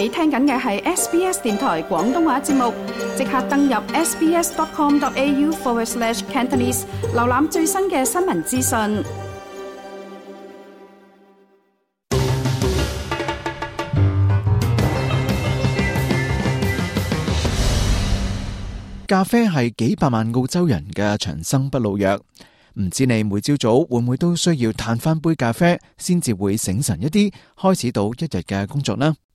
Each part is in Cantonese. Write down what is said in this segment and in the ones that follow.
你聽緊嘅係 SBS 電台廣東話節目，即刻登入 sbs.com.au forward slash Cantonese 瀏覽最新嘅新聞資訊。咖啡係幾百萬澳洲人嘅長生不老藥，唔知你每朝早會唔會都需要嘆翻杯咖啡，先至會醒神一啲，開始到一日嘅工作呢？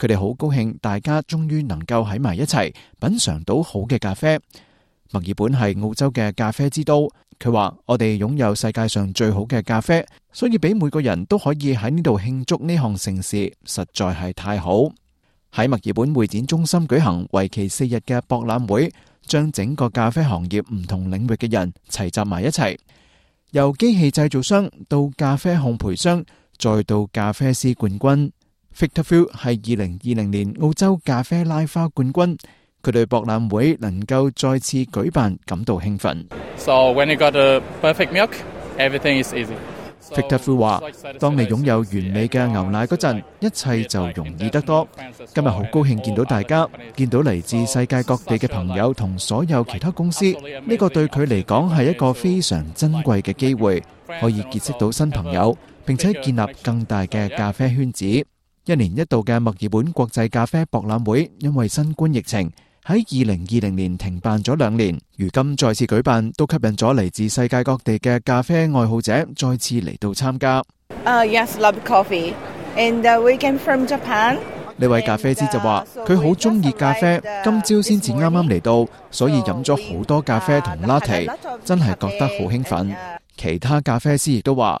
佢哋好高興，大家終於能夠喺埋一齊品嘗到好嘅咖啡。墨爾本係澳洲嘅咖啡之都，佢話我哋擁有世界上最好嘅咖啡，所以俾每個人都可以喺呢度慶祝呢項盛事，實在係太好。喺墨爾本會展中心舉行為期四日嘅博覽會，將整個咖啡行業唔同領域嘅人齊集埋一齊，由機器製造商到咖啡烘焙商，再到咖啡師冠軍。Victor Fu 係二零二零年澳洲咖啡拉花冠軍，佢對博覽會能夠再次舉辦感到興奮。So when you got a perfect milk, everything is easy。Victor Fu 話：「當你擁有完美嘅牛奶嗰陣，一切就容易得多。今日好高興見到大家，見到嚟自世界各地嘅朋友同所有其他公司。呢個對佢嚟講係一個非常珍貴嘅機會，可以結識到新朋友，並且建立更大嘅咖啡圈子。」一年一度嘅墨爾本國際咖啡博覽會，因為新冠疫情喺二零二零年停辦咗兩年，如今再次舉辦，都吸引咗嚟自世界各地嘅咖啡愛好者再次嚟到參加。啊，yes，love coffee，and we came from Japan。呢位咖啡師就話：佢好中意咖啡，今朝先至啱啱嚟到，所以飲咗好多咖啡同拉提，真係覺得好興奮。其他咖啡師亦都話。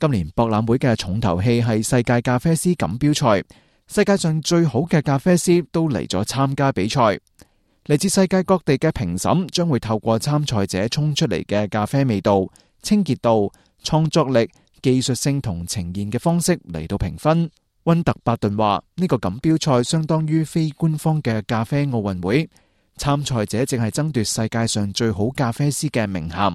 今年博覽會嘅重頭戲係世界咖啡師錦標賽，世界上最好嘅咖啡師都嚟咗參加比賽。嚟自世界各地嘅評審將會透過參賽者沖出嚟嘅咖啡味道、清潔度、創作力、技術性同呈現嘅方式嚟到評分。溫特巴頓話：呢個錦標賽相當於非官方嘅咖啡奧運會，參賽者淨係爭奪世界上最好咖啡師嘅名銜。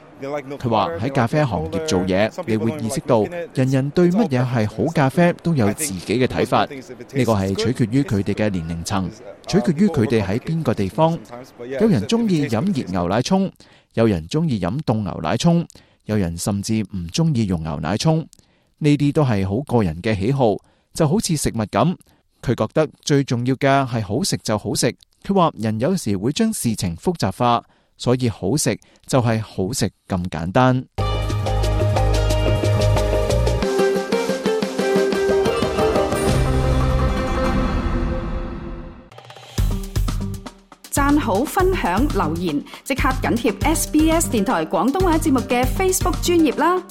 佢話喺咖啡行業做嘢，你會意識到人人對乜嘢係好咖啡都有自己嘅睇法。呢個係取決於佢哋嘅年齡層，取決於佢哋喺邊個地方。有人中意飲熱牛奶沖，有人中意飲凍牛奶沖，有人甚至唔中意用牛奶沖。呢啲都係好個人嘅喜好，就好似食物咁。佢覺得最重要嘅係好食就好食。佢話人有時會將事情複雜化。所以好食就係好食咁簡單。讚，贊好、分享、留言，即刻緊貼 SBS 電台廣東話節目嘅 Facebook 專頁啦。